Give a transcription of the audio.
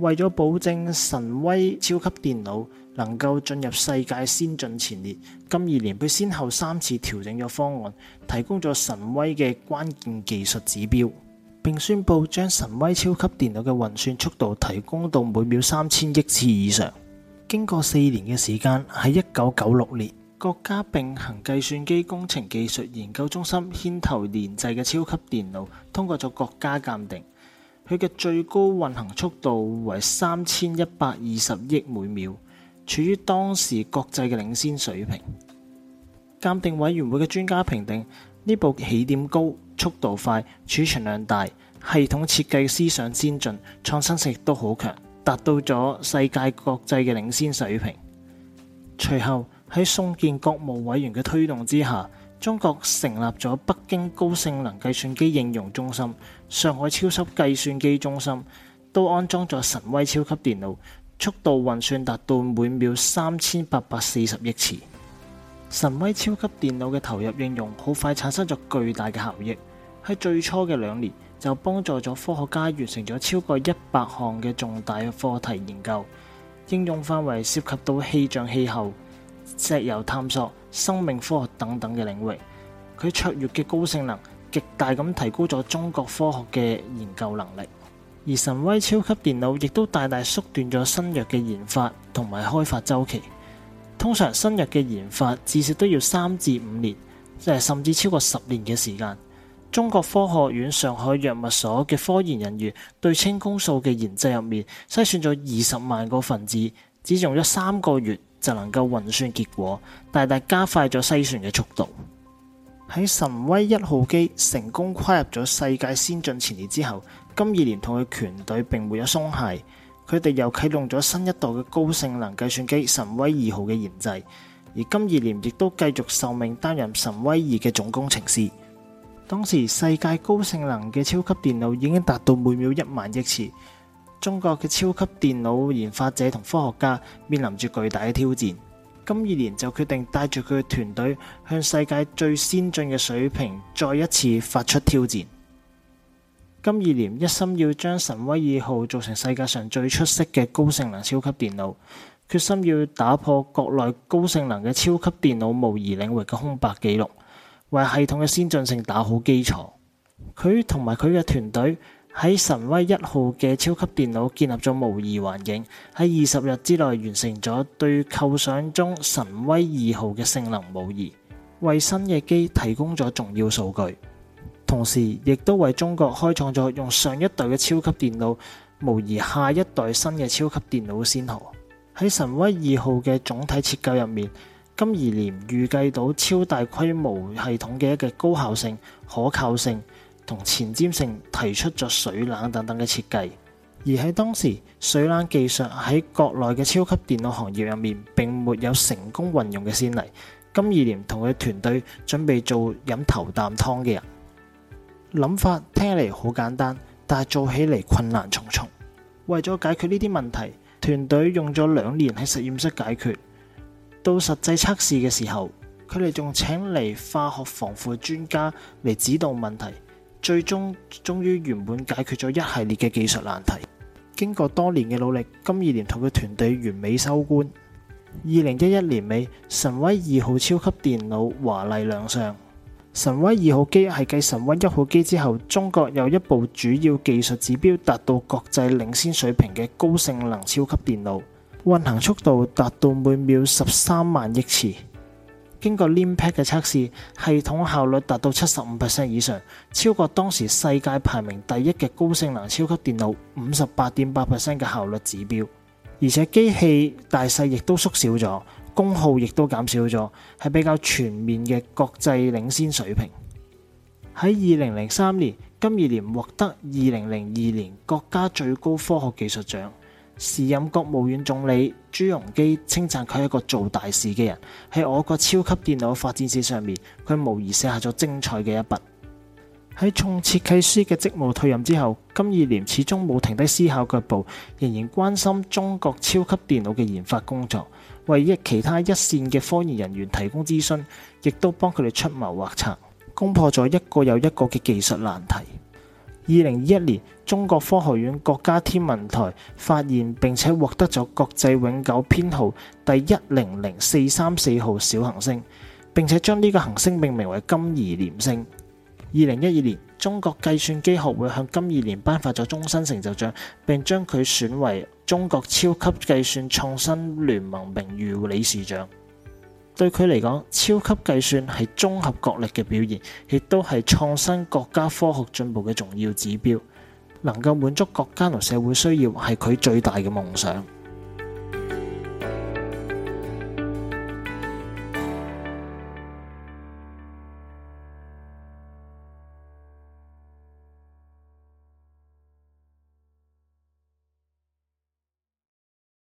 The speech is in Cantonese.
為咗保證神威超級電腦能夠進入世界先進前列，金怡濂佢先後三次調整咗方案，提供咗神威嘅關鍵技術指標，並宣布將神威超級電腦嘅運算速度提高到每秒三千億次以上。經過四年嘅時間，喺一九九六年，國家並行計算機工程技術研究中心牽頭研製嘅超級電腦通過咗國家鑑定。佢嘅最高運行速度為三千一百二十億每秒，處於當時國際嘅領先水平。鑑定委員會嘅專家評定呢部起點高、速度快、儲存量大、系統設計思想先進、創新性都好強，達到咗世界國際嘅領先水平。隨後喺宋健國務委員嘅推動之下，中國成立咗北京高性能計算機應用中心、上海超級計算機中心，都安裝咗神威超級電腦，速度運算達到每秒三千八百四十億次。神威超級電腦嘅投入應用，好快產生咗巨大嘅效益。喺最初嘅兩年，就幫助咗科學家完成咗超過一百項嘅重大嘅課題研究，應用範圍涉及到氣象氣候。石油探索、生命科學等等嘅領域，佢卓越嘅高性能極大咁提高咗中國科學嘅研究能力。而神威超級電腦亦都大大縮短咗新藥嘅研發同埋開發周期。通常新藥嘅研發至少都要三至五年，即係甚至超過十年嘅時間。中國科學院上海藥物所嘅科研人員對青蒿素嘅研製入面，篩選咗二十萬個分子，只用咗三個月，就能夠運算結果，大大加快咗篩選嘅速度。喺神威一號機成功跨入咗世界先進前列之後，金怡濂同佢團隊並沒有鬆懈，佢哋又啟動咗新一代嘅高性能計算機神威二號嘅研製。而金怡濂亦都繼續受命擔任神威二嘅總工程師。當時世界高性能嘅超級電腦已經達到每秒一萬億次。中國嘅超級電腦研發者同科學家面臨住巨大嘅挑戰，金怡濂就決定帶住佢嘅團隊向世界最先進嘅水平再一次發出挑戰。金怡濂一心要將神威二號做成世界上最出色嘅高性能超級電腦，決心要打破國內高性能嘅超級電腦模擬領域嘅空白紀錄，為系統嘅先進性打好基礎。佢同埋佢嘅團隊。喺神威一號嘅超級電腦建立咗模擬環境，喺二十日之內完成咗對構想中神威二號嘅性能模擬，為新嘅機提供咗重要數據，同時亦都為中國開創咗用上一代嘅超級電腦模擬下一代新嘅超級電腦先河。喺神威二號嘅總體設計入面，金怡濂預計到超大規模系統嘅一個高效性、可靠性。同前瞻性提出咗水冷等等嘅設計，而喺當時水冷技術喺國內嘅超級電腦行業入面，並沒有成功運用嘅先例。金怡濂同佢團隊準備做飲頭啖湯嘅人諗法，聽嚟好簡單，但係做起嚟困難重重。為咗解決呢啲問題，團隊用咗兩年喺實驗室解決。到實際測試嘅時候，佢哋仲請嚟化學防腐專家嚟指導問題。最終終於圓滿解決咗一系列嘅技術難題。經過多年嘅努力，金怡濂同佢嘅團隊完美收官。二零一一年尾，神威二號超級電腦華麗亮相。神威二號機係繼神威一號機之後，中國又一部主要技術指標達到國際領先水平嘅高性能超級電腦，運行速度達到每秒十三萬億次。經過 LINPACK 嘅測試，系統效率達到七十五 percent 以上，超過當時世界排名第一嘅高性能超級電腦五十八點八 percent 嘅效率指標，而且機器大細亦都縮小咗，功耗亦都減少咗，係比較全面嘅國際領先水平。喺二零零三年，金怡濂獲得二零零二年國家最高科學技術獎。時任國務院總理朱鎔基稱讚佢係一個做大事嘅人，喺我國超級電腦發展史上面，佢無疑寫下咗精彩嘅一筆。喺從設計師嘅職務退任之後，金怡濂始終冇停低思考腳步，仍然關心中國超級電腦嘅研發工作，為益其他一線嘅科研人員提供諮詢，亦都幫佢哋出謀劃策，攻破咗一個又一個嘅技術難題。二零一一年，中國科學院國家天文台發現並且獲得咗國際永久編號第一零零四三四號小行星，並且將呢個行星命名為金怡濂星。二零一二年，中國計算機學會向金怡濂頒發咗終身成就獎，並將佢選為中國超級計算創新聯盟名譽理事長。對佢嚟講，超級計算係綜合國力嘅表現，亦都係創新國家科學進步嘅重要指標。能夠滿足國家同社會需要，係佢最大嘅夢想。